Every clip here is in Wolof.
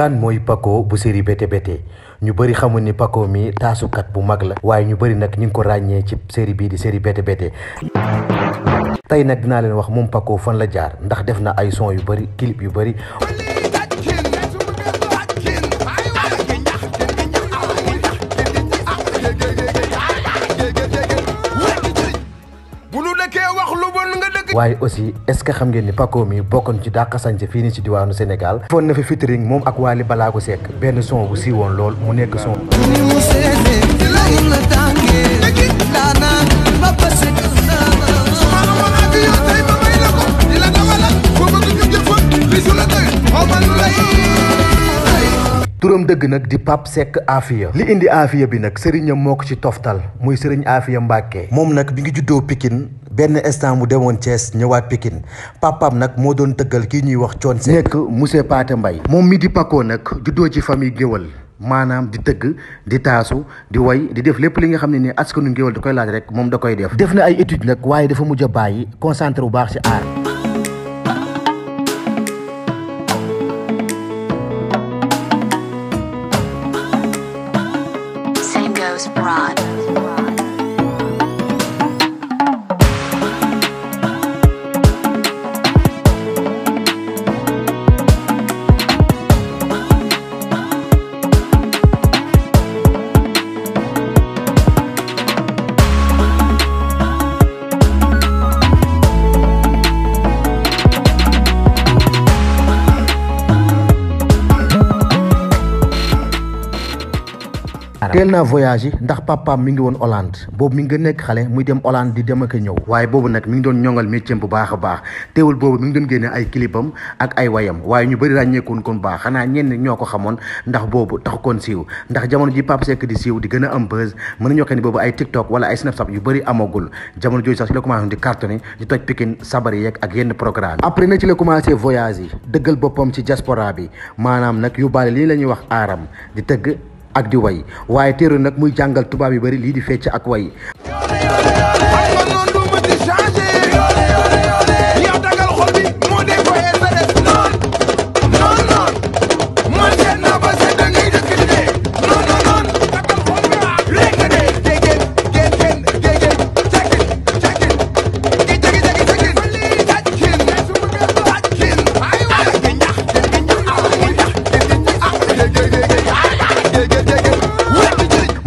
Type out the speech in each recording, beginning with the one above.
kan mooy Paco bu série bété bété ñu bëri xamul ni Paco mi taasukat bu mag la waaye ñu bëri nag ñu ngi ko ràññee ci série bii di seri bété bete tey nag dinaa leen wax moom Paco fan la jaar ndax def na ay son yu bëri clip yu bari waye aussi est ce que xam ngeen ni Paco mi bokon ci dàq sanje fi ni ci diwanu senegal fon na fi featuring mom ak Wally Ballago sek ben son bu won lol mu nek son turam deug nak di pap sek Afia li indi Afia bi nak serigne moo ci toftal muy serigne Afia mbake Mom nak bi ngi juddo Pikine benn instant bu demoon cees ñëwaat Pikine papam nag moo doon tëggal kii ñuy wax coon se nekk monsieur Pathé mbay moom mi di pakkoo nag juddoo ci famille géwal maanaam di tëgg di taasu di way di def lépp li nga xam ne ni askanu ngéwal da koy laaj rek moom da koy def def na ay études nag waaye dafa mujj a bàyyi concentre bu baax si aar teel naa voyagé ndax papaam mi ngi woon Hollande boobu mi ngi gën nekk xale muy dem Hollande di dem ak ñëw waaye boobu nag mi ngi doon ñongal métier bu baax a baax teewul boobu mi ngi doon génne ay kilibam ak ay wayam waaye ñu bëri ràññeekoon kon baax xanaa ñenn ñoo ko xamoon ndax boobu tax koon siiw ndax jamono ji Pape Seck di siiw di gën a am buzz mën nañoo xam ne boobu ay TikTok wala ay Snapchat yu bëri amagul jamono jooju sax ci la commencé di cartonné di toj Pikine sabar ak yenn programme après na ci la commencé voyage yi dëggal boppam ci diaspora bi maanaam nag yu bari lii la ñuy wax aaram di tëgg ak di way waaye téere nag muy jàngal tubaab yu bari lii di fecc ak way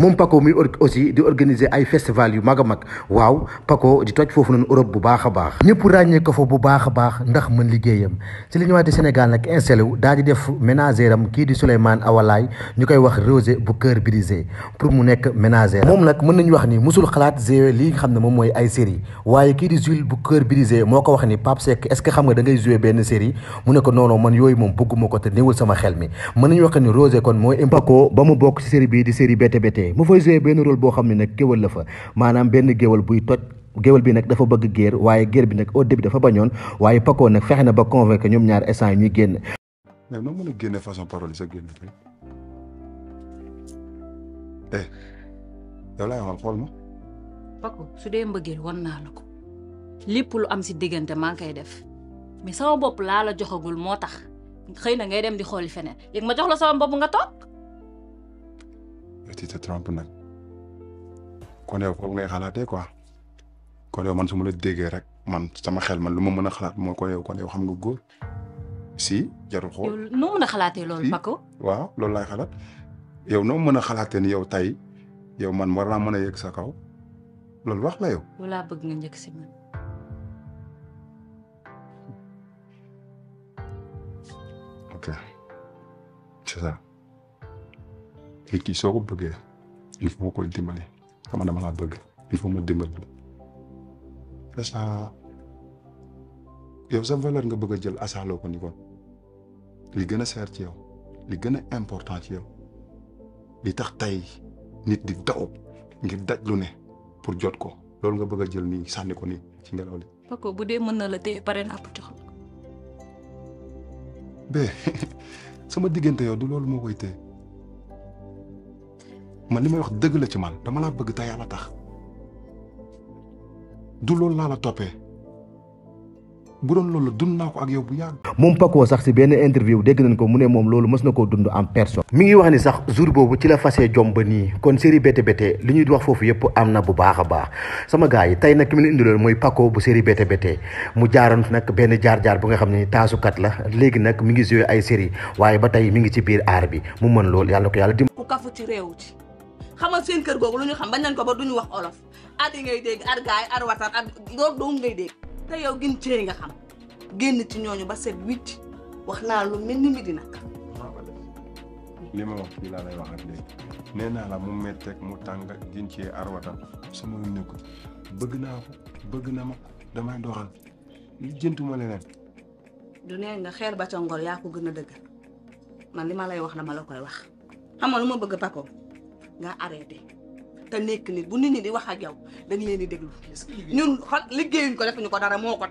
moom Paco muy aussi di organiser ay festival yu mag a mag waaw Paco di toj foofu noonu Europe bu baax a baax ñëpp ràññee ko fa bu baax a baax ndax man liggéeyam ci li ñu waatee Sénégal nag installé wu daal di def ménagère am kii di Souleymane Awalaay ñu koy wax Rosé bu kër brisé pour mu nekk ménagère moom nag mën nañu wax ni musul xalaat gérer lii nga xam ne moom mooy ay série waaye kii di Jules bu cœur brisé moo ko wax ni Pape Seck est xam nga da ngay jouer benn série mu ne ko non non man ko sama xel mi mën nañu wax ni Rosé kon mooy Paco ba mu bokk ci bii di série bété bété fay mu fay joué benn rôle boo xam ne nag géwal la fa maanaam benn géwal buy toj géwal bi nag dafa bëgg géer waaye géer bi nag au début dafa bañoon waaye Paco nag fexe na ba convaincre ñoom ñaar instant ñuy génn. mais noo mën a génne façon parole yi sa génn fay. eh yow laay xool xool ma. Pako su dee mbëggeel war naa la ko lépp lu am si diggante maa ngi koy def mais sama bopp laa la joxagul moo tax xëy na ngay dem di xooli feneen yéeg ma jox la sama bopp nga toog. et tu te trompes nag kon yow foofu ngay xalaatee quoi kon yow man su ma la déggee rek man sama xel man lu ma mën a xalaat mooy kon yow kon yow xam nga góor si jarul xool. noo mën a xalaatee loolu Paco. waaw loolu laay xalaat yow noo mën a xalaatee ni yow tey yow man war naa mën a sa kaw loolu wax la yow. wala bëgg nga njëkk si man. ok c'est ça et qui soo au bugger. il faut ko dimbali xam dama laa bug. il faut ma il instant yow sa valeur nga bëgg a jël asaaloo ko ni kon li gën a seer ci yow li gën a important ci yow li tax tey nit di daw ngir daj lu ne pour jot ko loolu nga bëgg a jël nii sànni ko nii ci ngelaw li. Paco bu dee mën na la téye pare naa ko jox. bee sama diggante yow du loolu moo koy téye. man li may wax dëgg la ci man dama laa bëgg te yàlla tax du loolu laa la toppee bu doon loolu dund naa ko ak yow bu yàgg. moom Paco sax si benn interview dégg nañ ko mu ne moom loolu mës na koo dund en personne. mi ngi wax ni sax jour boobu ci la fasee jom ba nii kon série bété bété li ñuy wax foofu yëpp am na bu baax a baax sama gars yi tey nag ki mu indi loolu mooy Paco bu série bété bété mu jaaroon nag benn jaar-jaar bu nga xam ne taasukat la léegi nag mi ngi joué ay série waaye ba tey mi ngi ci biir aar bi mu mën loolu yàlla ko yàlla dimbali. ku kafu ci réew ci xamal seen kër googu lu ñu xam bañ nañ ko ba du ñu wax olof ar yi ngay dégg ar gaay ar watar ngay dégg te yow gin cee nga xam génn ci ñooñu ba set wicc wax naa lu mel ni mi di nag li ma wax fii laa lay waxaat léegi nee naa la mu metteeg mu tàng gin cee ar watar sama ne bëgg naa ko bëgg na ma damay doxal li jëntuma leneen du nga xeer ba ca yaa ko gën a dëgg man li ma lay wax na dama la koy wax xam nga lu ma bëgg pako nga arrêté ta nek nit bu nit ni di wax ak yow dañ leen di déglu ñun xol liggéeyuñ ko defuñu ko dara moko ko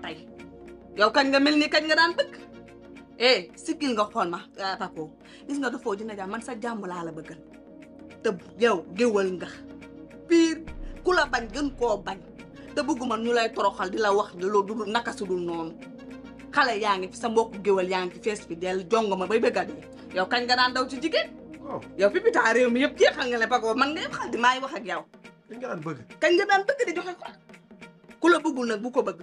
yow kañ nga melni kañ nga daan dëkk eh sikil nga xol ma euh, papo gis nga dafoo dina jàmm man sa jàmm la la bëggal te yow gëwël nga pire kula bañ gën ko bañ te bëgguma ñu lay toroxal di la wax lu dul naka su dul non xalé yaangi fi sa mbokk gëwël yaangi fi fess fi del jongoma bay bëggal yow kañ nga daan daw ci jigeen yow fi pitaa réew mi yëpp jeexal nga ne Pago man ngay waxal di maay wax ak yow. kañ nga daan bëgg. kañ nga di joxe ko ku la bëggul na bu ko bëgg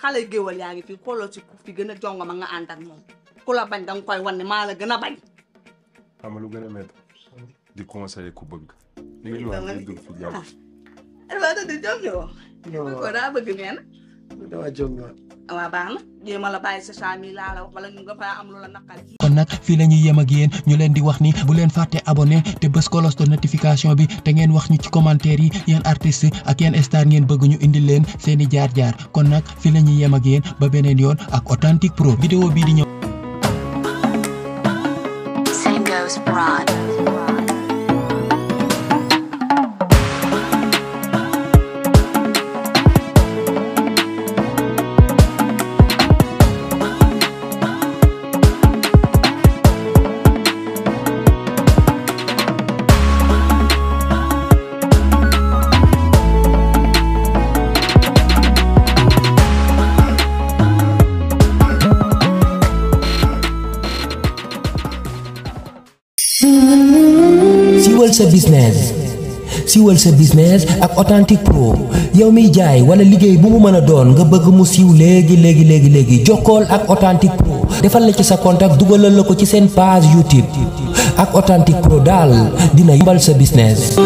xale yu géwal yaa ngi fi xooloo si ku fi gën a jongo ma nga ànd ak moom ku la bañ danga koy wan ne maa la gën a bañ. xam nga lu gën a métti di conseiller ku bëgg. li nga ñu wax a dugg fi jàpp. ah damaa di jom ñoo. non waa baax na jéema la bàyyi sa saami laa la kon ñu ya leen di wax ni bu leen fàtte ya abonné kolos de notification bi te ngeen wax ñu ci commentaire yi yéen artiste ak yéen star ngeen bëgg ñu indil leen seeni jaar jaar kon ba yoon ak pro vidéo bii di ñëw Same goes broad. siwal sa business siwal sa business ak authentique pro yow miy jaay wala liggéey bu mu mën a doon nga bëgg mu siiw léegi léegi léegi léegi jokkool ak authentique pro defal la ci sa contact dugalal la ko ci seen page YouTube ak authentique pro daal dina yombal sa business